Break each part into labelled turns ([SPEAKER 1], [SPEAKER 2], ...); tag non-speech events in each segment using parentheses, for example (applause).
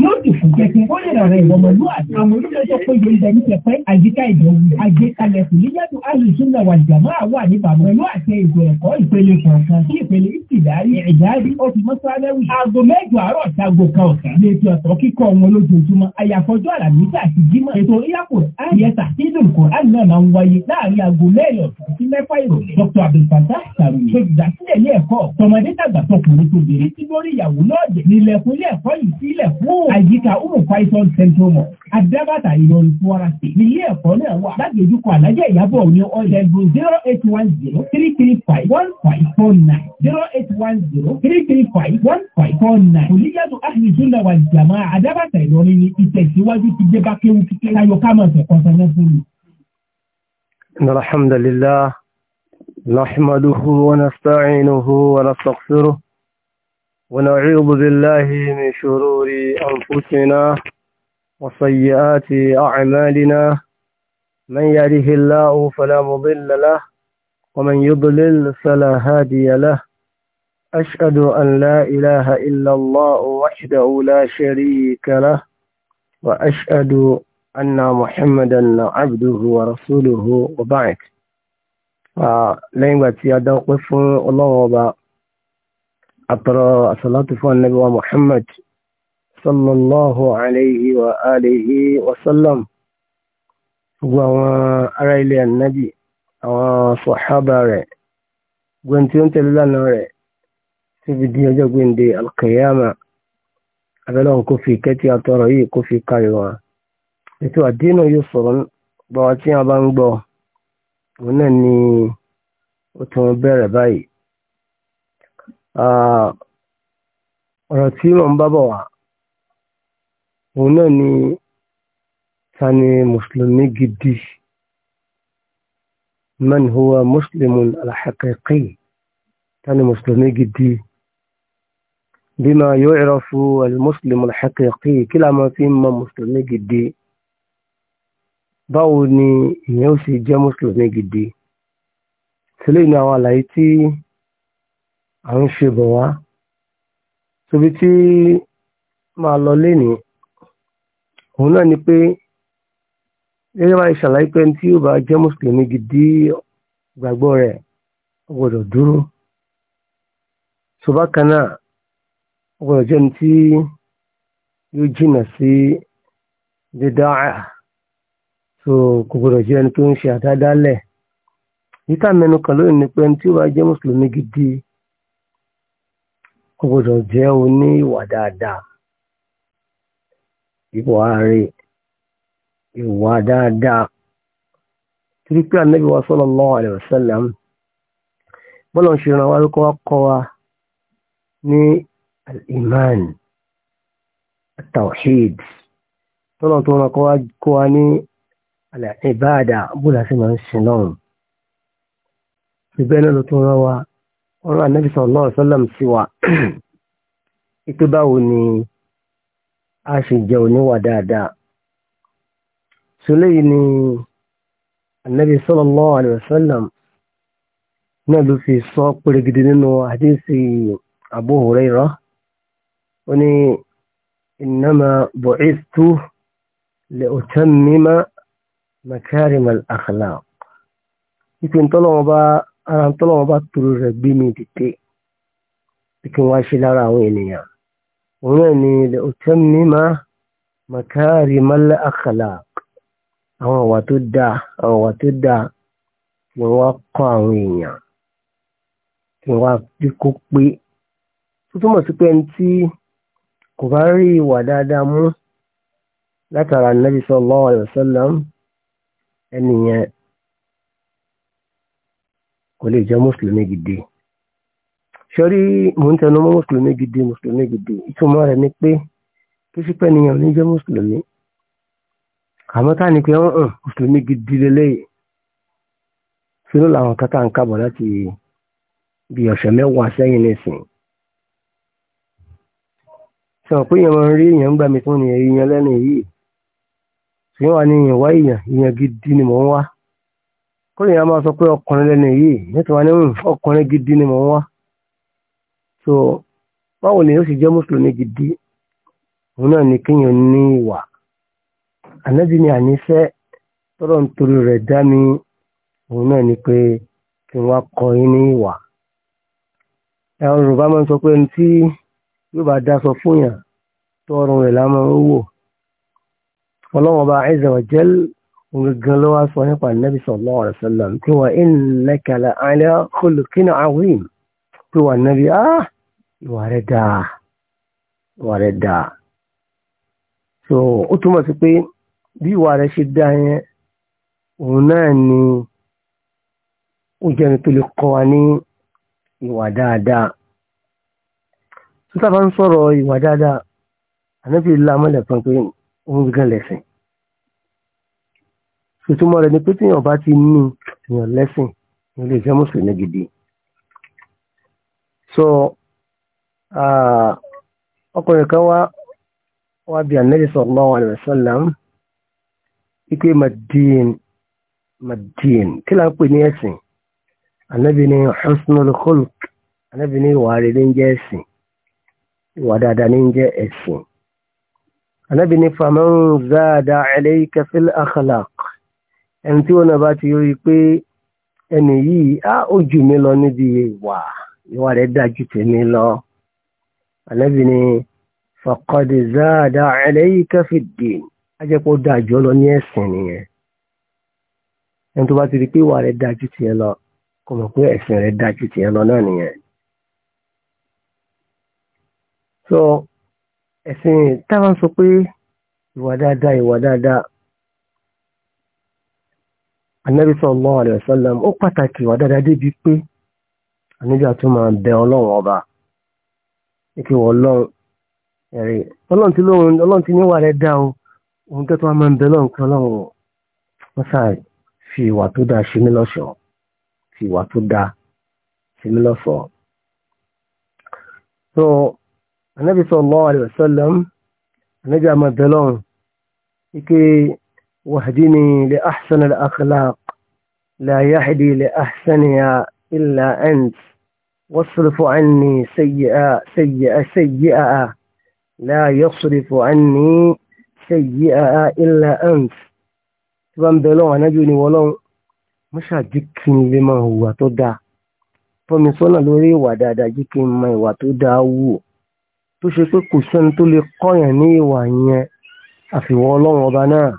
[SPEAKER 1] No, òfin jẹ́kí ó lè rà rẹ̀ ìwọ̀mọ̀lú àti àwọn olùdókòwò péjọ ń dẹni pẹ̀pẹ́ àyíká ìdòwú àgbékalẹ̀ fìlíyàtò alùsùnà wàjàmọ́ àwọn àníbàmọ́ pẹ̀lú àti ètò ẹ̀kọ́ ìpele kọ̀ọ̀kan sí ìpele ìtìdárí ẹ̀dárí oṣù mọ́sálẹ́wì aago mẹ́jọ àárọ̀ àtàgò kan ọ̀sán lẹ́tọ̀ ẹ̀kọ́ kíkọ́ wọn lójoojúmọ́ àyàfọ́jọ́ àlàmísà àti jímọ̀ ètò ìyàpò àyẹ̀sà nínú kòrán náà máa ń wáyé láàrin aago mẹ́rin ọ̀sán sí mẹ́fà ìrọ̀lẹ́ dr abdulfata sàrùn olùdásílẹ̀ ilé ẹ̀kọ́ tọmọdé tàgbà tọkùnrin tó bèrè tí lórí ìyàwó náà jẹ nílẹ̀kùn ilé ẹ̀kọ́ yìí sílẹ̀ fún àyík Áfíríkà Umu Python Central Mall, Adábàtà Ìlọrin Kwara State. Nílé ẹ̀kọ́ náà wà lágbèjúkọ̀ Alájẹ́ Ìyábọ̀ ní ọ̀dẹ̀gùn zero eight one zero three three five one five four nine zero eight one zero three three five one five four nine. Olùyàtọ̀ Ahmed Sunna wà jàmá Adábàtà Ìlọrin ní ìtẹ̀síwájú ti dé bá kíkẹ́ láyọ̀ ká máa fẹ̀kọ́ sanwó fún mi. Alhamdulillah, nahmaduhu wa nasta'inuhu wa nastaghfiruh. ونعوذ بالله من شرور أنفسنا وسيئات أعمالنا من يره الله فلا مضل له ومن يضلل فلا هادي له أشهد أن لا إله إلا الله وحده لا شريك له وأشهد أن محمدا عبده ورسوله وبعد لين باتي أدوق الله وبعد àtọ̀rọ̀ àsàlátù fún ànábì wa Muhammad sallallahu alayhi wa alihi wa sallam gbogbo àwọn ará ilé ànábì àwọn sọ̀hábà rẹ̀ gbọ́n tí ó ń tẹ̀lé lánàá rẹ̀ tí fi di ọjọ́ gbẹ̀ǹde alkayama abẹ́lọ́n kò fi kẹ́tì àtọ̀rọ̀ yìí kò fi kárí wọn ètò àdínà yóò sọ̀rọ̀ bọ́wọ́ tí wọ́n bá ń gbọ́ òun náà ni ó tún bẹ̀rẹ̀ báyìí Ah, ọ̀rọ̀ tí mò ń bá bọ̀ wá òun náà ni ta ni mùsùlùmí gidi man huwa muslimun alhaqiqi ta ni mùsùlùmí gidi bima yu'rafu almuslim alhaqiqi kí la máa fi mọ mùsùlùmí gidi báwo ni ìyẹn ó sì jẹ́ mùsùlùmí gidi sílẹ̀ ní àwọn àlàyé tí à ń ṣe bọ̀ wá tóbi tí máa lọ lénìí òun náà ni pé gẹ́gẹ́ bá ṣàlàyé pé tí yóò bá jẹ́ mùsùlùmí gidi gbàgbọ́ rẹ̀ ó gbọ́dọ̀ dúró ṣùgbọ́n kan náà ó gbọ́dọ̀ jẹ́ ní tí yóò jìnà sí dídá so kò gbọ́dọ̀ jẹ́ ẹni tó ń ṣe àdádálẹ̀ yíká mẹ́nu kan lónìí ni pé tí ó bá jẹ́ mùsùlùmí gidi kò gbọdọ̀ jẹ́ oní ìwà dáadáa ìwà rẹ̀ ìwà dáadáa torí pé ànábì wa sallallahu alaihi wasallam bọ́lá ń ṣe ran wa lókọ́ kọ́ wa ní iman tawhid tọ́nà tó ran kọ́ wa ní al-ibada bóla sí máa ń sin lọ́run ṣùgbọ́n náà tó ran wa ọ̀rọ̀ ànábì sallallahu alaihi wasallam sí wa ipé (clears throat) báwo ni a ṣe jẹ́ oníwà dáadáa sọlẹ́yìn ni ànábì sallallahu alaihi wasallam náà ló fi sọ pérégidé nínú hadisi Abu Hurairah ó ní innama bu'ithtu li utammima makarimal akhlaq ìpín tọ́lọ́wọ́ bá ara tọ́lọ́wọ́ bá tòrò rẹ̀ gbé mi dìde bí kí wọ́n ṣe lára àwọn ènìyàn òun náà ni ilẹ̀ òtẹ́m mímá makari mala akhlaq àwọn ọ̀wà tó dáa àwọn ọ̀wà tó dáa kí wọ́n kọ́ àwọn èèyàn kí wọ́n fi kó pé tó túmọ̀ sí pé ẹni kò bá rí ìwà dáadáa mú látara nàbí sallallahu alaihi wasallam kò lè jẹ́ mùsùlùmí gidi sọ́rí mò ń tẹnu mọ́ mùsùlùmí gidi mùsùlùmí gidi ìtumọ̀ rẹ̀ ni pé kí sípẹ́ nìyẹn ò ní jẹ́ mùsùlùmí àmọ́ tá ni pé ọ̀hún mùsùlùmí gidi lélẹ́yìí sínú làwọn kan tá à ń kábọ̀ láti bí ọ̀sẹ̀ mẹ́wàá sẹ́yìn nísìn sọ pé èèyàn máa ń rí èèyàn gbà mí fún èèyàn lẹ́nu yìí tí wọ́n ní èèyàn wá èèyàn èèyàn gidi ni mò ń wá kóyìn a máa sọ pé ọkùnrin lẹ́nu yìí nítorí wọn ní hmm, ọkùnrin gidi ni mò ń wá so báwo ni ó sì jẹ́ mùsùlùmí gidi òun náà ni kéèyàn ní ìwà ànábì ni àníṣe tọ́rọ̀ ń torí rẹ̀ dá mi òun náà ni pé kí n wá kọ́ yín ní ìwà ẹ̀rọ yorùbá máa ń sọ pé ní tí yóò bá dá sọ fún yàn tọrùn rẹ̀ lámọ́ ó wò ọlọ́wọ́n bá ẹ̀zẹ̀ wà gangan ló wá sọ nípa nẹ́bí sallallahu alaihi wasallam pé wà innaka la ala khuluqin azim pé wà nẹ́bí á ìwà rẹ̀ dáa ìwà rẹ̀ dáa so ó túmọ̀ sí pé bí ìwà rẹ̀ ṣe dáa yẹn òun náà ni ó jẹ́ni tó lè kọ́ wa ní ìwà dáadáa tó sábà ń sọ̀rọ̀ ìwà dáadáa ànábì lamọ́lẹ̀ kan pé òun gan lẹ̀sìn sòtúmọ̀ rẹ̀ ni pé tíyàn bá ti ní èèyàn lẹ́sìn ní ilé iṣẹ́ mùsùlùmí gidi so ọkùnrin kan wá wá bí Ànábì sallallahu alaihi wasallam wípé madin madin kí là ń pè ní ẹ̀sìn Ànábì ní husnul khulq Ànábì ní ìwà rere ń jẹ́ ẹ̀sìn ìwà dáadáa ní ń jẹ́ ẹ̀sìn Ànábì ní faman zada alayka akhlaq ẹni tí wọn náà bá ti rí i pé ẹni yìí á ó jù mí lọ níbi ìwà ìwà rẹ̀ dájú tèmi lọ ànábì ni faqad zada alayka fid-din ajẹpọ dájú lọ ní ẹsìn nìyẹn ẹni tó bá ti rí i pé ìwà rẹ̀ dájú tiẹ̀ lọ kò mọ̀ pé ẹ̀sìn rẹ̀ dájú tiẹ̀ lọ náà nìyẹn. so ẹ̀sìn táwọn sọ pé ìwà dáadáa ìwà dáadáa anabi sallallahu alayhi wa sallam ó pàtàkì wà dáadáa débi pé anabi àti máa bẹ ọlọ́run ọba ike wọ ọlọ́run ẹ̀rí ọlọ́run tí lóhun ọlọ́run tí níwà rẹ̀ dá o òun tó máa ń bẹ lọ́run kí ọlọ́run wọ́n sá fi ìwà tó dáa ṣe mí lọ́ṣọ̀ọ́ fi ìwà tó dáa ṣe mí lọ́ṣọ̀ọ́. so anabi sallallahu alayhi wa sallam anabi àmọ́ bẹ lọ́run واهدني لأحسن الأخلاق لا يهدي لأحسنها إلا أنت واصرف عني سيئة سيئة سيئة لا يصرف عني سيئة إلا أنت تبان بلون أنا جوني ولون مشا هجيكين لما هو تدا فمن sọ́nà لوري ودادا جكين ما هو n mọ ìwà tó dáa wò tó ṣe pé kò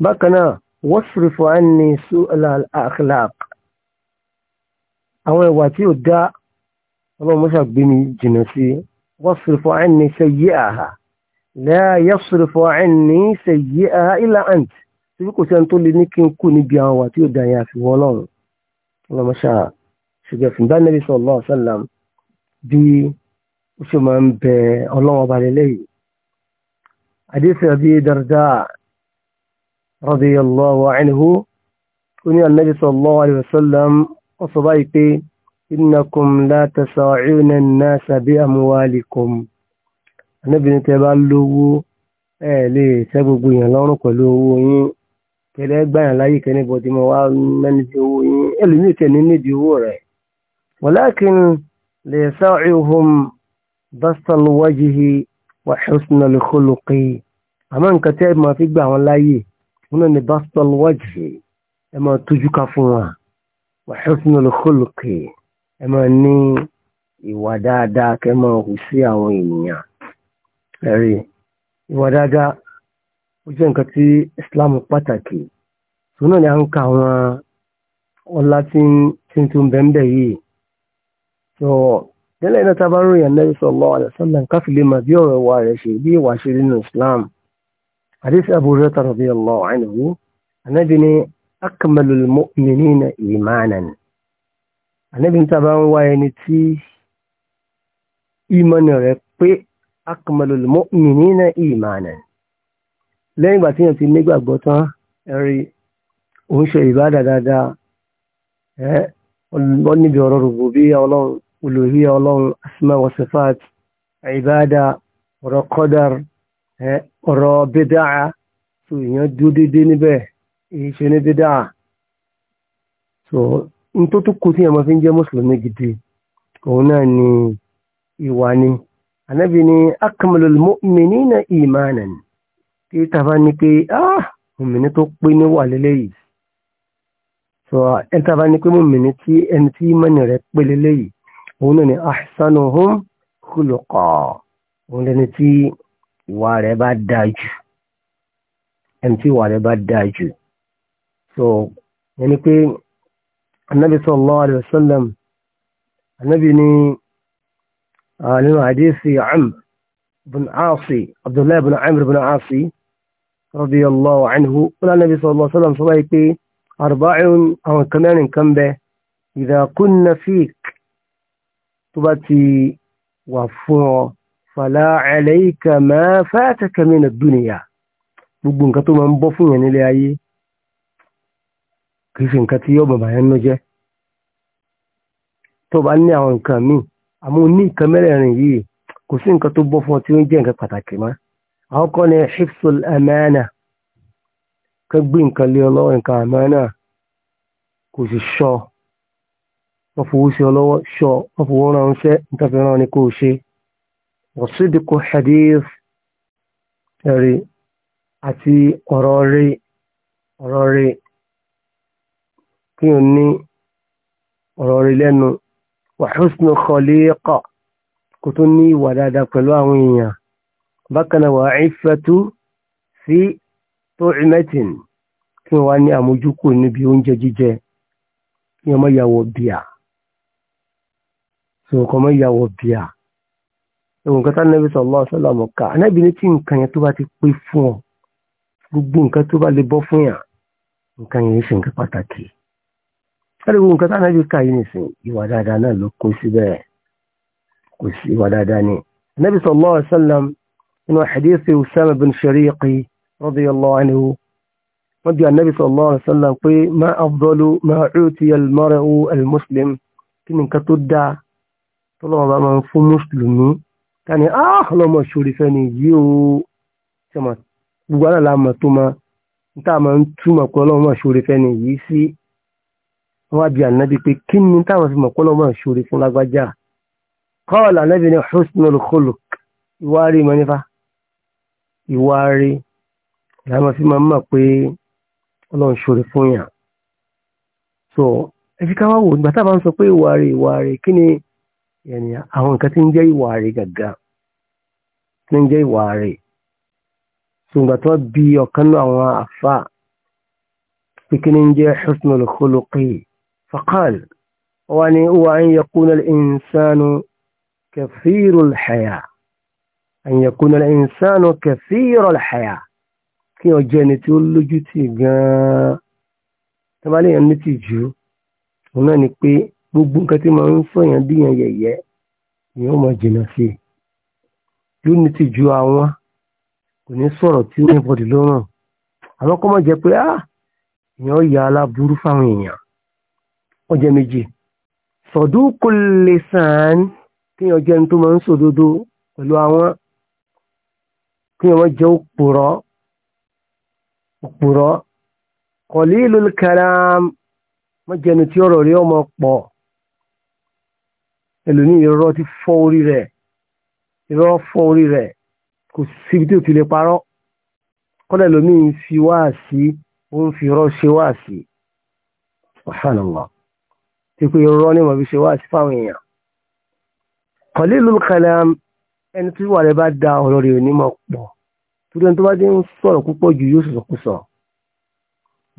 [SPEAKER 1] bákan náà wasrifu anni su'al akhlaq àwọn ìwà tí ó dá ọlọ́run mọ́ṣà gbé mi jìnà sí wasrifu anni sayyi'aha la yasrifu anni sayyi'aha illa ant tí kò sẹ́ni tó lè ní kí n kú níbi àwọn ìwà tí ó dá yẹn àfiwọ́ ọlọ́run ọlọ́run mọ́ṣà ṣùgbọ́n fún Ànábì sallallahu alaihi wasallam bí ó ṣe máa ń bẹ ọlọ́run ọba lélẹ́yìí. Hadith رضي الله عنه أن النبي صلى الله عليه وسلم وصبايك إنكم لا تساعون الناس بأموالكم النبي نتبالو ẹ lè ṣẹ́ gbogbo èèyàn lọ́rùn pẹ̀lú owó yín kẹlẹ́ gbàyàn láyé kẹ́ni bọ́dí mọ́ wá mẹ́ni tí owó yín ẹlòmíì tẹ̀ ní nídìí owó rẹ̀. walakin lè sa'ihum basal wajhi wa husnal khuluqi àmọ́ nǹkan tẹ́ máa fi gbà wọ́n láyè wọn náà ni bastal wajhi ẹ máa tójú ká fún wa wa husnul khulqi ẹ máa ní ìwà dáadáa kẹ máa hù sí àwọn ènìyàn ẹ̀rí ìwà dáadáa ó jẹ́ nǹkan tí Islam pàtàkì ṣùgbọ́n náà ni a ń ka àwọn ọlá tí ń tún bẹ́ẹ̀ yìí so nílẹ̀ iná tábà ròyìn Ànábì sallallahu alaihi wasallam káfílẹ̀ mà bí ọ̀rọ̀ ìwà rẹ̀ ṣe bí ìwà ṣe nínú Islam. حديث أبو هريرة رضي الله عنه النبي أكمل المؤمنين إيمانا النبي تبع وينتي إيمان رقي أكمل المؤمنين إيمانا لين ìgbà tí yẹn ti nígbàgbọ́ tán ẹ̀rí òun ṣe ìbádà dáadáa ẹ́ wọ́n níbi ọ̀rọ̀ rububiyya ọlọ́run uluhiyya ọlọ́run asma wa sifat ìbádà ọ̀rọ̀ qadar ọ̀rọ̀ bídáà so èèyàn dúró déédéé níbẹ̀ èyí ṣe ní bídáà so n tó tó kó tí èèyàn máa fi ń jẹ́ mùsùlùmí gidi òun náà ni ìwà ni ànábì ni akmalul mu'minina imanan tí tàbá ní pé ah tó pé níwà lélẹ́yìí so ẹni tàbá ní pé mòmìnir tí ẹni tí mọ́nì rẹ̀ pé lélẹ́yìí òun náà ni ahsanuhum khuluqa òun lẹni tí ìwà rẹ̀ bá dáa jù ẹni tí ìwà rẹ̀ bá dáa jù so ẹni pé anabi sallallahu alayhi wa sallam anabi ni nínú àdéhìsì amr bin aasi abdullahi bin amr bin aasi radiyallahu anhu wọn anabi sallallahu alayhi wa sallam sọ báyìí pé arba'un àwọn kan mẹ́rin kan bẹ idha kunna tó bá ti wà fún ọ fàlá alayka ma fataka min ad-dunya gbogbo nǹkan tó máa ń bọ́ fún yẹn nílé ayé kìí ṣe nǹkan tí yóò bàbá yẹn nú jẹ́ tó bá ní àwọn nǹkan míì àmọ́ ní nǹkan mẹ́rẹ̀ẹ̀rin yìí kò sí nǹkan tó bọ́ fún ọ tí ó ń jẹ́ nǹkan pàtàkì mọ́ àwọn kan ní hifsul amana kan gbé nǹkan lé ọ lọ́wọ́ nǹkan amana kò sì ṣọ́ wọ́n fowó sí ọ lọ́wọ́ ṣọ́ wọ́n fowó ránṣẹ́ nǹkan fi rán kò ṣe wọ̀sídìkú حديث ẹ̀rí àti ọ̀rọ̀ rí ọ̀rọ̀ rí kí o ní ọ̀rọ̀ rí lẹ́nu wa husnu khaliqa kò tó ní ìwà dáadáa pẹ̀lú àwọn èèyàn bákan náà wà ìfẹ́tú sí tó ìmẹ́tìn kí wọ́n wá ní àmójúkò níbi oúnjẹ jíjẹ kí wọ́n mọ́ yàwó bíà ẹ̀wọ̀n nǹkan tá nẹ́bí sallallahu alaihi wasallam ká anábì ní tí nǹkan yẹn tó bá ti pé fún ọ gbogbo nǹkan tó bá lè bọ́ fún yàn nǹkan yẹn ṣe nǹkan pàtàkì ẹ̀rọ ìwọ̀n nǹkan tá nẹ́bí ká yìí nìsín ìwà dáadáa náà ló kún síbẹ̀ kò sí ìwà dáadáa ni anábì sallallahu alaihi wasallam inú hadithi Usama bin Shariqi radiyallahu anhu wọ́n tani ah, ọlọ́mọ ṣòrí fẹ́ ni yìí o ṣọmọ gbogbo aláàlá mọ̀ tó ma ń tá a máa ń túmọ̀ pé ọlọ́mọ ṣòrí fẹ́ ni yìí sí wọ́n á bi ànábi pé kí ni táwọn fi mọ̀ pé ọlọ́mọ ṣòrí fún lágbájá kọ́ọ̀lù ànábi ni husnul khuluq ìwà rí mọ nípa ìwà rí làwọn fi máa ń mọ̀ pé ọlọ́run fún yàn so ẹ fi ká wá wò nígbà tá a bá ń sọ pé ìwà rí kí ni yẹni àwọn nǹkan tí ń jẹ́ ìwà rẹ̀ gàgà tí ń jẹ́ ìwà rẹ̀ ṣùgbọ́n tó bí ọ̀kan náà àwọn àfà pínpín ń jẹ́ husnul khuluqi faqal wa ni huwa an yakuna al-insanu kathirul haya an yakuna al-insanu kathirul haya kí ọjọ́ ẹni tí ó lójú tì gan-an tó bá lè yàn ní tìjú òun náà ni pé gbogbo nǹkan tí máa ń sọ̀yàn díyàn yẹ̀yẹ́ èèyàn mọ̀ jìnnà sí i yóò ní ti ju àwọn kò ní sọ̀rọ̀ tí ní bọ́dì lọ́rùn àwọn kọ́ mọ̀ jẹ́ pé á èèyàn ya aláburú fáwọn èèyàn wọ́n jẹ́ méjì sọ̀dún kò lè sàn kéèyàn jẹ́ ní tó máa ń sòdodo pẹ̀lú àwọn kéèyàn wọ́n jẹ́ òpùrọ́ òpùrọ́ kọ̀lí lókàrà wọ́n jẹ́ ní tí ọ̀rọ̀ rí ọmọ pọ̀ ẹlòmíì irọ́ ti fọ́ orí rẹ̀ irọ́ fọ́ orí rẹ̀ kò síbi tí ò ti lè parọ́ kọ́lá ẹlòmíì ń fi wáàsí ó ń fi irọ́ ṣe wáàsí subhanallah tí pé irọ́ ní màbí ṣe wáàsí fáwọn èèyàn qalilul kalam ẹni tí wà rẹ̀ bá da ọ̀rọ̀ rẹ̀ onímọ̀ pọ̀ torí ẹni tó bá dé ń sọ̀rọ̀ púpọ̀ jù yóò sọ̀sọ̀ kú sọ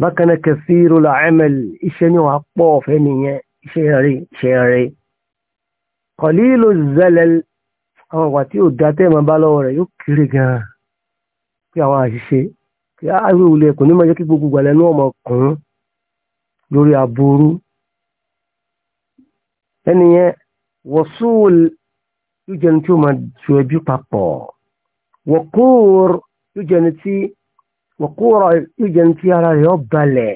[SPEAKER 1] bákan náà kathirul amal iṣẹ́ ní wàá pọ̀ ọ̀fẹ́ nìyẹn iṣẹ́ rẹ̀ iṣẹ́ rẹ̀ kọ̀lílò zẹ́lẹ̀ àwọn ọ̀wà tí ò dá tẹ́ẹ̀mọ́ bá lọ́wọ́ rẹ̀ yóò kéré gan-an pé àwọn àṣìṣe kí àwọn ìwòlẹ̀ ẹ̀kùn ní máa jẹ́ kí gbogbo gbàlẹ̀ ní ọmọ ọkùnrin lórí aburú ẹni yẹn wọ́sùl yóò jẹni tí ó máa ju ẹbí papọ̀ wọ́kúr yóò jẹni tí wọ́kúrọ̀ yóò tí ara rẹ̀ ó balẹ̀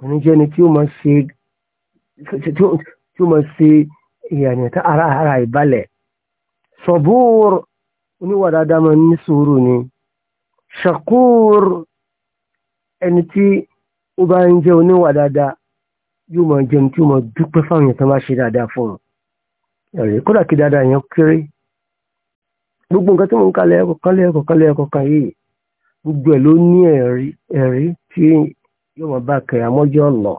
[SPEAKER 1] òní jẹni tí ó máa ṣe ìyàní ká ara ara ìbalẹ̀ sọ̀búr oníwà dáadáa máa ní ni ṣàkúr ẹni tí ó bá ń jẹ́ oníwà dáadáa yóò máa jẹun tí ó máa dúpẹ́ fáwọn èèyàn tó bá ṣe dáadáa fún un ẹ̀rẹ́ kódà kí dáadáa yẹn kéré gbogbo nǹkan tí mo ń kalẹ̀ ẹ̀kọ́ kalẹ̀ ẹ̀kọ́ kalẹ̀ ẹ̀kọ́ gbogbo ẹ̀ ló ní ẹ̀rí ẹ̀rí tí yóò máa bá kẹ̀yàmọ́jọ́ lọ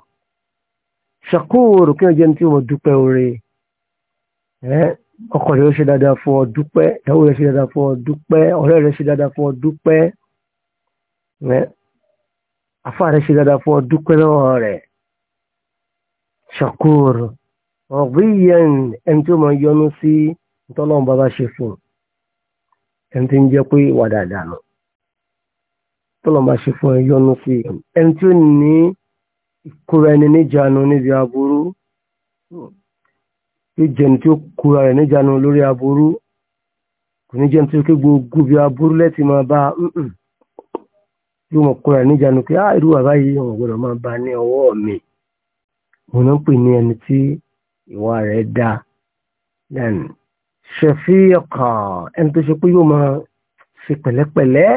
[SPEAKER 1] ṣàkóòrò kí wọ́n jẹ́ ní tí wọ́n ọkọ rẹ̀ ṣe dáadáa fún ọ dúpẹ́ ìyàwó rẹ̀ ṣe dáadáa fún ọ dúpẹ́ ọ̀rẹ́ rẹ̀ ṣe dáadáa fún ọ dúpẹ́ àfa rẹ̀ ṣe dáadáa fún ọ dúpẹ́ lọ́wọ́ rẹ̀ ẹni tí ó máa yọnu sí ntọ́lọ́run bàbá ṣe fún ẹni tí ń jẹ́ pé dáadáa nù ṣe fún yọnu sí ẹni tí ó yóò jẹni tí ó kura rẹ̀ níjànú lórí aburú kò ní jẹni tí ó ké gbogbo bí aburú lẹ́tì máa bá yóò mọ̀ kura rẹ̀ níjànú pé ah irú bàbá yìí wọn gbọdọ̀ máa bá ní ọwọ́ mi wọn náà pè ní ẹni tí ìwà rẹ̀ dá lẹ́nu ṣẹ̀fí ọkà ẹni tó ṣe pé yóò máa ṣe pẹ̀lẹ́pẹ̀lẹ́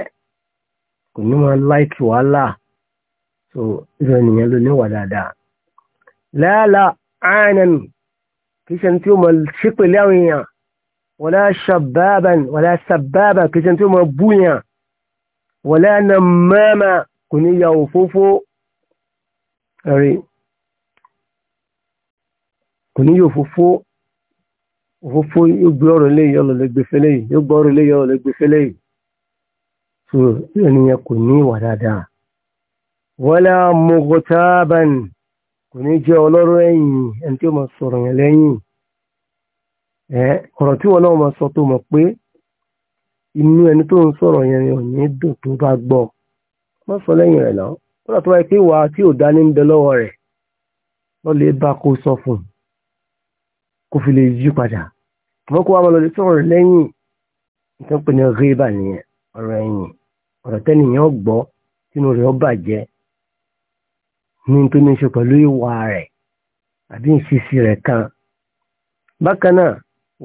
[SPEAKER 1] kò ní máa láìkì wàhálà so irú ènìyàn ló níwà dáadáa lẹ́la ààrẹ kìí ṣe tí ó mọ̀ ṣépèlé àwọn èèyàn wala shababan wala sababa kìí ṣe tí ó mọ̀ búyàn wala namama kò ní ya òfófó rẹ̀ kò ní yóò fófó òfófó yóò gbé ọ̀rọ̀ lé yọ̀lọ̀ lè gbèfẹ́ yìí yóò gbọ́ ọ̀rọ̀ lé yọ̀lọ̀ lè gbèfẹ́ lé yìí so ènìyàn kò ní kò ní jẹ́ ọlọ́rọ̀ ẹ̀yìn ẹni tí ó máa sọ̀rọ̀ yẹn lẹ́yìn ẹ̀ ọ̀rọ̀ tí wọn náà máa sọ tó mọ̀ pé inú ẹni tó ń sọ̀rọ̀ yẹn ni òní dùn tó bá gbọ́ má sọ lẹ́yìn rẹ̀ náà wọ́n tó wáyé pé wà á tí ò dání ń bẹ lọ́wọ́ rẹ̀ wọ́n lè bá kó sọ fún kó fi lè yí padà wọ́n kó wá máa lọ lè sọ̀rọ̀ lẹ́yìn nǹkan pè ní rébà nìyẹn ọ̀rọ̀ ẹ̀yìn ọ̀rọ̀ tẹ́nìyàn gbọ́ sínú rẹ̀ ó bàjẹ́ ní tó ní ṣe pẹ̀lú ìwà rẹ̀ àbí ìṣesí rẹ̀ kan bákan náà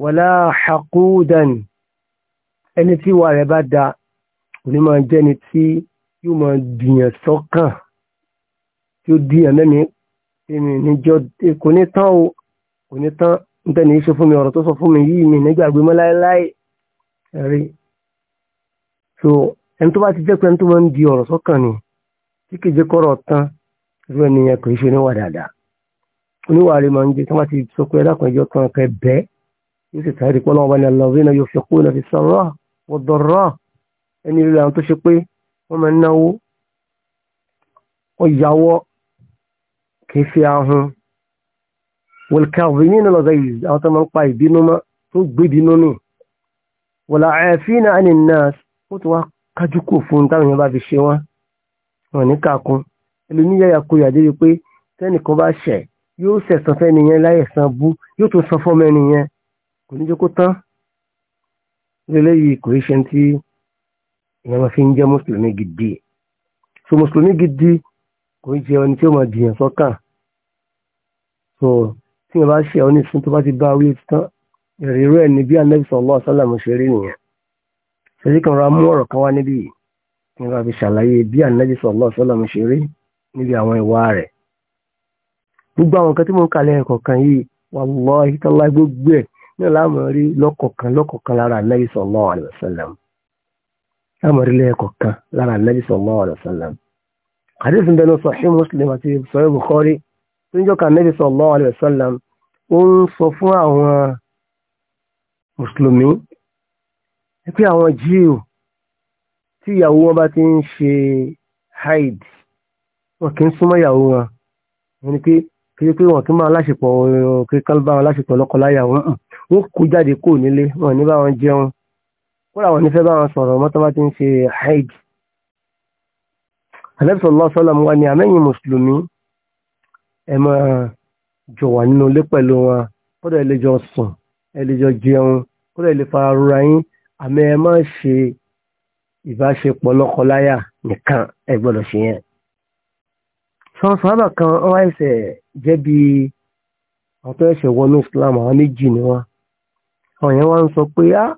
[SPEAKER 1] wala haqudan ẹni tí ìwà rẹ̀ bá da òní máa jẹ́ni tí yóò máa dìyàn sọ́kàn tí ó dìyàn mẹ́mi èmi níjọ́ kò ní tán o kò ní tán nítorí ní ṣe fún mi ọ̀rọ̀ tó sọ fún mi yìí mi nígbàgbé mọ́ láéláé rí so ẹni tó bá ti jẹ́ pé ẹni tó máa ń di ọ̀rọ̀ sọ́kàn ni tí kìí jẹ́ kọ́rọ̀ tán irú ẹnìyẹn kò ṣe níwà dáadáa oníwà rẹ̀ máa ń jẹ́ tí wọ́n ti sọ pé ẹlẹ́kùnrin kan kẹ bẹ́ yóò sì tàbí pọ́nlọ́wọ́ bá ní alọ́rí náà yóò fi kú náà fi sọ̀rọ̀ ọ̀dọ̀rọ̀ ẹni rẹ̀ àwọn tó ṣe pé wọ́n máa ń náwó ọ̀yàwó kìí fi ahun wọ̀lkàvíyìn lọ́dọ̀ yìí àwọn tó máa ń pa ìbínú mọ́ tó gbé ìbínú nù wọ̀là àyàfínà àni náà ó ti wá kájú kò fún táwọn èèyàn bá fi ṣe wọ́n wọn ní kàkún ẹlòmíyàyà kuyà débi pé tẹ́nìkan bá ṣẹ̀ yóò ṣẹ̀sán fẹ́ni yẹn láyẹ̀ san bú yóò tún san fọ́mọ ẹni yẹn kò ní jẹ́ kó tán lélẹ́yìí kò í ṣe tí ìyẹn máa fi ń jẹ́ mùsùlùmí gidi so mùsùlùmí gidi kò í jẹ́ ẹni tí ó máa jìyàn sọ́kàn so tí wọ́n bá ṣe ọ ní sun bá ti bá wí tán ìrírú ẹ̀ ní bí anabi sallallahu alaihi wasallam ṣe rí nìyẹn ṣèṣì kan ra mú ọ̀rọ̀ kan wá níbí yìí ní wọ́n fi ṣàlàyé bí anabi sallallahu alaihi wasallam ṣe rí níbi àwọn ìwà rẹ̀ gbogbo àwọn nǹkan tí mo ń kà lẹ́yìn kọ̀ọ̀kan yìí wallahi tallahi gbogbo ẹ̀ náà láàmú rí lọ́kọ̀ọ̀kan lọ́kọ̀ọ̀kan lára Ànábì sallallahu alaihi wasallam láàmú rí lẹ́ẹ̀kọ̀ọ̀kan lára Ànábì sallallahu alaihi wasallam àdéhùn bẹnu Sahih Muslim àti Sahih Bukhari tó ń jọ́ka Ànábì sallallahu alaihi wasallam ó ń sọ fún àwọn mùsùlùmí pé àwọn jíù tí ìyàwó wọn bá ti ń ṣe haid wọn kì í súnmọ́ ìyàwó wọn wọn ni pé kìí pé wọn kì í máa láṣepọ̀ kíkan bá wọn láṣepọ̀ lọ́kọláya wọn wọn kú jáde kó nílé wọn ní bá wọn jẹun kódà wọn nífẹ̀ẹ́ bá wọn sọ̀rọ̀ mọ́tò bá ti ń ṣe haid alẹ́bí sọ̀rọ̀ lọ́sọ̀lá wa ni àmẹ́yìn mùsùlùmí ẹ máa jọ wà nínú ilé pẹ̀lú wọn kódà ẹ lè jọ sùn ẹ lè jọ jẹun kódà ẹ lè fara rora yín àmẹ́ ẹ má ṣe ìbáṣepọ̀ lọ́kọláya nìkan ẹ gbọ́dọ̀ ṣe yẹn sọ́n sábà kan ọwọ́ ẹ̀sẹ̀ jẹ́bi àwọn tó ẹ̀sẹ̀ wọnú Islam àwọn méjì ni wọ́n àwọn yẹn wọ́n ń sọ pé á ah,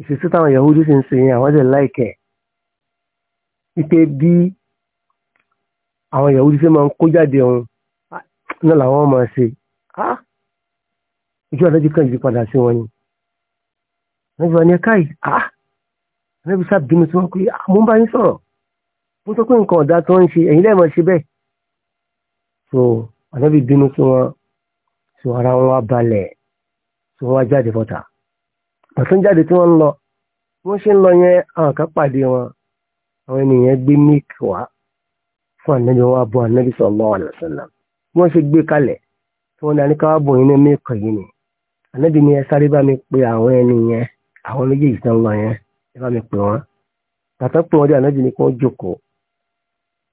[SPEAKER 1] ìṣesí táwọn Yahudi sì ń ṣe yẹn àwọn ẹ̀sẹ̀ láìkẹ̀ wípé bí àwọn Yahudi ṣe máa ń kó jáde ọ̀hún náà làwọn máa ṣe á ah, ojú àdájú kan yìí padà sí wọn ni wọ́n ti wà ah, ní ẹ̀ka yìí á ẹ̀rẹ́bí sábìínú tí wọ́n pé mo ń bá yín sọ̀rọ̀ mo sọ pé nǹkan ọ̀dà tó ń ṣe ẹ̀yin lẹ́ẹ̀mọ́ ṣe bẹ́ẹ̀ so ànábì bínú sí wọn so ara wọn wá balẹ̀ so wọn wá jáde fọ́ta jáde tí ń lọ wọ́n ṣe ń lọ yẹn àwọn kan pàdé wọn àwọn ènìyàn gbé mílíkì wá fún ànábì wọn abọ́ ànábì sallallahu alaihi wasallam wọ́n ṣe gbé kalẹ̀ tí dání káwá ní yìí ni ni ẹ sáré bá mi pe àwọn àwọn méjèèjì lọ yẹn ẹ bá mi pè wọn pé wọn dé ni kí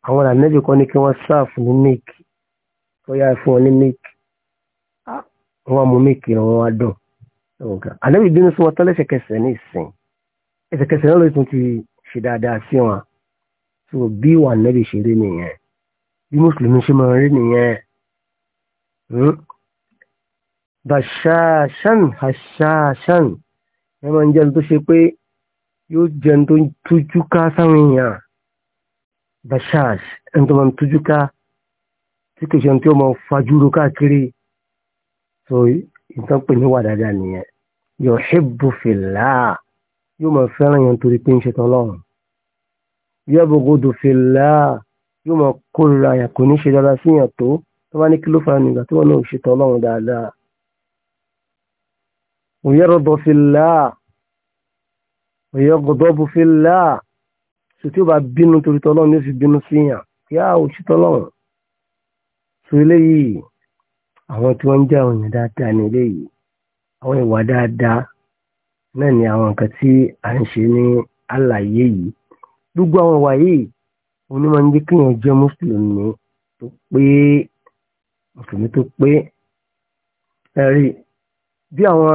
[SPEAKER 1] àwọn kan ní kí ní bóyá fún ọ ní míìkì ah. wọ́n mú míìkì rẹ̀ wọ́n wá dùn ànábì bínú sí wọn tán lẹ́sẹ̀kẹsẹ̀ ní ìsìn ẹsẹ̀kẹsẹ̀ náà ló tún ti ṣe dáadáa sí wọn so bí wà ànábì ṣe rí nìyẹn bí mùsùlùmí ṣe máa rí nìyẹn hmm? bàṣáṣán àṣáṣán ẹ máa ń jẹun tó ṣe pé yóò jẹun tó tújú ká sáwọn èèyàn bàṣáṣ ẹni máa ń tújú ká tí kìí ṣe tí ó máa fajúro káàkiri so ìtàn pè ní wà dáadáa nìyẹn yóò ṣíbù fìlà yóò máa fẹ́ràn yẹn torí pé ń ṣe tọ́lọ́run yóò bọ̀gọ́dù fìlà yóò máa kórira yẹn kò ní ṣe dáadáa sí yẹn tó tó bá ní kí ló fa nígbà tí wọ́n náà ṣe tọ́lọ́run dáadáa. ويرضى في الله ويغضب في الله sòtí ó bá bínú torí tọ́lọ́run ní ó fi bínú síyàn yá òṣìṣẹ́ tọ́lọ́run so eléyìí àwọn tí wọ́n ń jẹ́ àwọn èèyàn dáadáa ní eléyìí àwọn ìwà dáadáa náà ni àwọn nǹkan tí à ń ṣe ní àlàyé yìí gbogbo àwọn ìwà yìí onímọ̀ ń jẹ́ kéèyàn jẹ́ mùsùlùmí tó pé mùsùlùmí tó pé ẹ̀rí bí àwọn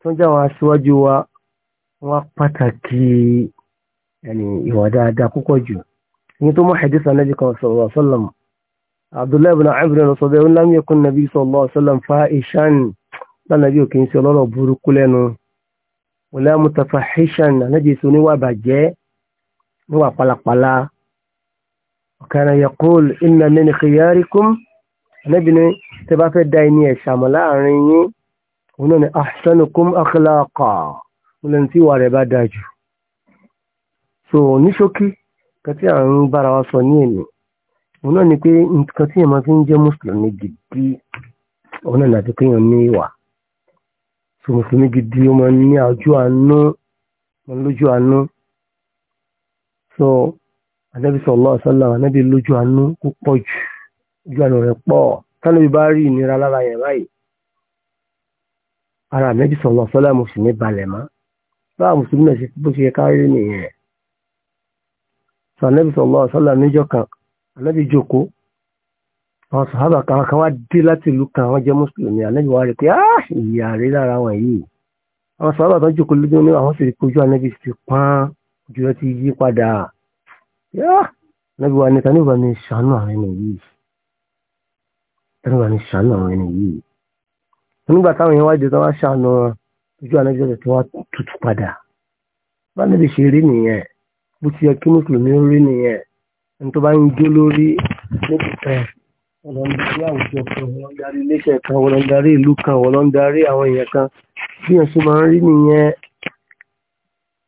[SPEAKER 1] tó ń jẹ́ àwọn aṣíwájú wa wọ́n pàtàkì ẹni ìwà dáadáa púpọ̀ jù ní tó mọ̀ hadith Ànábì kan sallallahu alaihi abdullahi ibn abdul rahman sọ bẹ́ẹ̀ ńlámi ẹ̀kọ́ nàbí sallallahu alaihi wasallam fa ishan lánàbí òkè ń ṣe ọlọ́rọ̀ burúkú lẹ́nu wala mutafahishan anájì sí oníwà bàjẹ́ níwà pálapàla ọ̀kan yaqul inna min khiyarikum anábì ni tẹ́ bá fẹ́ da ẹni ẹ̀ láàrin yín so ní ṣókí kẹtí à ń òun náà ni pé nǹkan tí èèyàn fi ń jẹ́ mùsùlùmí gidi òun náà nàti kéèyàn ní ìwà tó mùsùlùmí gidi ó máa ní ojú àánú máa lójú àánú so anábì sallallahu alaihi wasallam anábì lójú àánú kó pọ̀ jù ojú àánú rẹ̀ pọ̀ tánàbí bá rí ìnira lára yẹn báyìí ara anábì sallallahu alaihi wasallam mùsùlùmí balẹ̀ mọ́ báwa mùsùlùmí náà ṣe bó ṣe yẹ ká rí nìyẹn sọ anábì sallallahu alaihi wasallam kan ànábì jókòó àwọn sàhábà kan kan wá dé láti ìlú kan àwọn jẹ́ mùsùlùmí ànábì wá rí pé ah, ìyà rí lára wọn yìí àwọn sàhábà tó jókòó lójú ní àwọn sì rí pé ojú ànábì ti pọ́n ojú rẹ ti yí padà ah, ànábì wa ní taníwà ní ṣàánú àwọn ẹni yìí taníwà ní ṣàánú àwọn ẹni yìí nígbà táwọn yẹn wá dé tó wá ṣàánú ojú ànábì tó wá tutù padà bá níbi ṣe rí nìyẹn bó ti yẹ kí mùsùlùmí rí nìyẹn ẹni tó bá ń jó lórí níbi kan ọlọ́ndarí àwùjọ kan ọlọ́ndarí iléeṣẹ́ kan ọlọ́ndarí ìlú kan ọlọ́ndarí àwọn èèyàn kan bí yẹn ṣe máa ń rí nìyẹn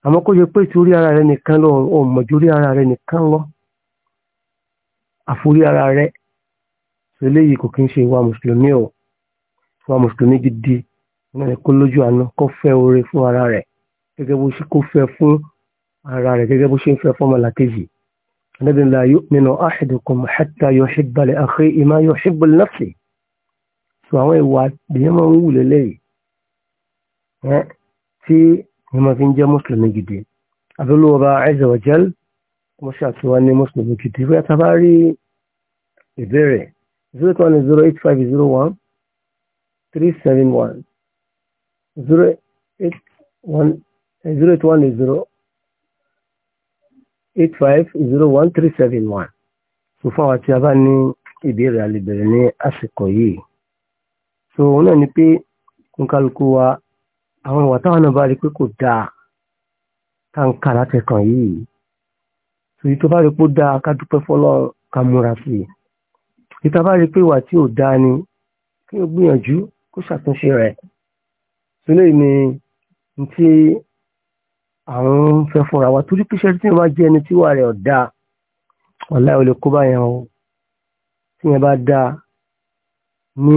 [SPEAKER 1] àmọ́ kó yẹ pé torí ara rẹ nìkan lọ ò mọ̀ jórí ara rẹ nìkan lọ àforí ara rẹ eléyìí kò kí ń ṣe ìwà mùsùlùmí o ìwà mùsùlùmí gidi náà kó lójú àná kó fẹ́ oore fún ara rẹ̀ gẹ́gẹ́ bó ṣe kó fẹ́ fún ara rẹ̀ gẹ́gẹ́ bó ṣe ń fẹ́ fún ọmọlàkejì النبي لا يؤمن أحدكم حتى يحب لأخيه ما يحب لنفسه àwọn ìwà èèyàn máa ń wù lélẹ́yìí tí èèyàn máa fi ń jẹ́ mùsùlùmí gidi àbúlọ́wọ́ba Azza wa Jal mo ṣàtúwá ní mùsùlùmí gidi bóyá tá a bá rí ìbéèrè zero two one zero eight five zero one three seven one zero eight one zero eight one zero eight five zero one three seven one so fún àwọn tí a bá ní ìbéèrè a lè bẹ̀rẹ̀ ní àsìkò yìí so òun náà ni pé nkálukú wa àwọn ìwà táwọn náà bá rí pé kò dáa ká ń kà láti kàn yìí so yìí tó bá rí pé ó dáa ká dúpẹ́ fọlọ́run ká múra sí i yìí tá bá rí pé ìwà tí ò dáa ni kí o gbìyànjú kó ṣàtúnṣe rẹ̀ sílẹ̀ ni tí àwọn ń fẹ́ fúnra wa torí píṣẹ́ tí wọ́n bá jẹ́ ẹni tí wà rẹ̀ ọ̀dá wàláhì ó lè kó bá o tí yẹn bá dá ní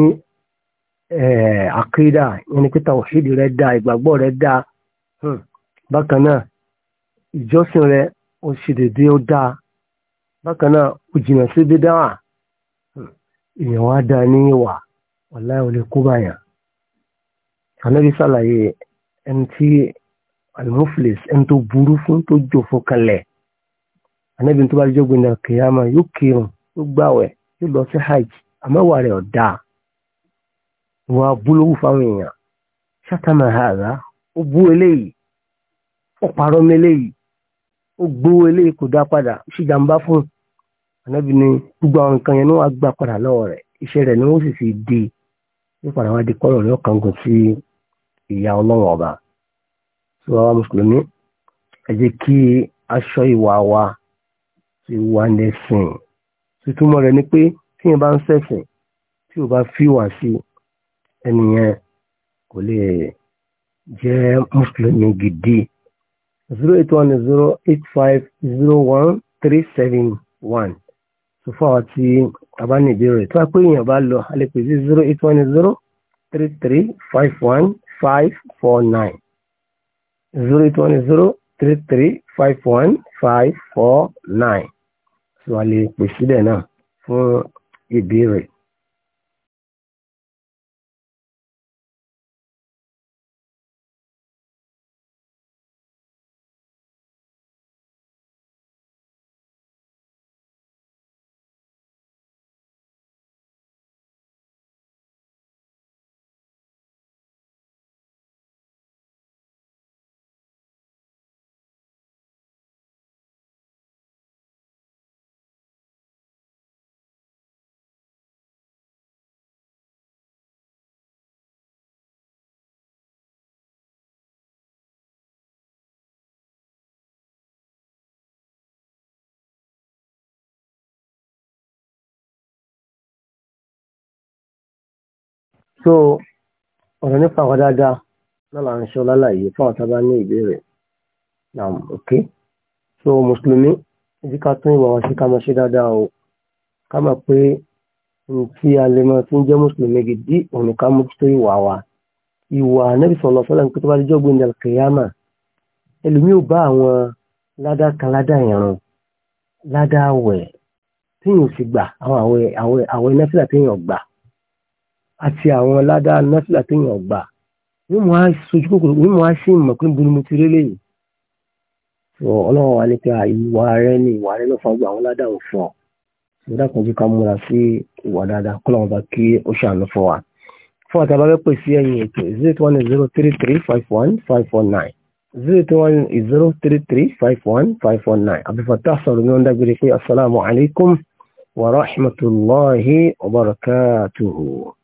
[SPEAKER 1] àkídà yẹn ni pé tàwhídì rẹ̀ dá ìgbàgbọ́ rẹ̀ dá hmm. bákan náà ìjọsìn rẹ̀ ó ṣe dédé ó dá bákan náà ó jìnà sí bídáà hmm. èèyàn wá dá ní ìwà wàláhì ó kó bá ẹni tí almuflis ẹni to buru fun to jofo kalẹ̀ anábìrin to bá jẹ́ na kìyàmá yóò o yóò gbàwẹ̀ yóò lọ sí hajj àmọ́wà re ọ̀dà ìwà búlówó fáwọn èèyàn ṣátàmà hàrá ó bú eléyìí ó o meléyìí ó gbówó eléyìí kò dá padà ó ṣe gbogbo àwọn nǹkan yẹn ni wọ́n á gbà ni o si fi di yóò padà wá di kọ́rọ̀ rẹ̀ ọ̀kan gùn ya ìyá ọlọ́run sọ àwọn mùsùlùmí ẹ jẹ́ kí aṣọ ìwà wa ti wà lẹ́sìn ìtumọ̀ rẹ̀ ni pé tí yẹn bá ń ṣẹ̀sìn tí o bá fìwà sí ẹnìyẹn kò lè jẹ́ mùsùlùmí gidi zero eight one zero eight five zero one three seven one so fún àwọn tí a bá ní ìbéèrè tí wọ́n pé èèyàn bá lọ alẹ́ pèsè zero eight one zero three three five one five four nine zero eight one zero three three five one five four nine so a lè pè sílẹ̀ náà fún ìbéèrè. so ọ̀rọ̀ nípa àwọn dáadáa náà là ń ṣe ọlálàyé fún àwọn tábà ní ìbéèrè náà ok so mùsùlùmí ibi ká tún ìwà wọn ṣe ká máa ṣe dáadáa o ká mọ̀ pé tí a lè máa tún jẹ́ mùsùlùmí gidi òun ká mójútó ìwà wa ìwà Ànábì sallallahu alaihi wasallam pé tó bá dijọ́ gbé ní alkiyama ẹlòmíì ò bá àwọn ládá kan ládá ìrun ládá àwẹ̀ téèyàn ò sì gbà àwọn àwẹ̀ àwẹ̀ àwẹ̀ nẹ́fìlà téèyàn gbà àti àwọn ládá nọ́fìlà tó yàn gbà yóò mú wá sojú kòkòrò yóò mú wá sí ìmọ̀ pé bùnú mo ti rí léyìí tó ọlọ́run wa ní pé ìwà rẹ ni ìwà rẹ ló fa gbogbo àwọn ládá òun fún ọ mo dákun jí ká múra sí ìwà dáadáa kọ́ làwọn bá kí ó ṣàánú fún wa fún àtàbá bẹ́ẹ̀ pè sí ẹ̀yìn ètò zero two one zero three three five one five four nine zero two one zero three three five one five four nine àbífọ́tà sọ̀rọ̀ ní wọ́n dágbére pé asalaamualeykum wa rahmatulahi wa barakatuhu.